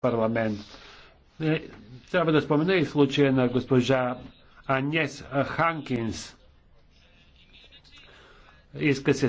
парламент. Е, трябва да спомена и случая на госпожа Анес Ханкинс. Иска се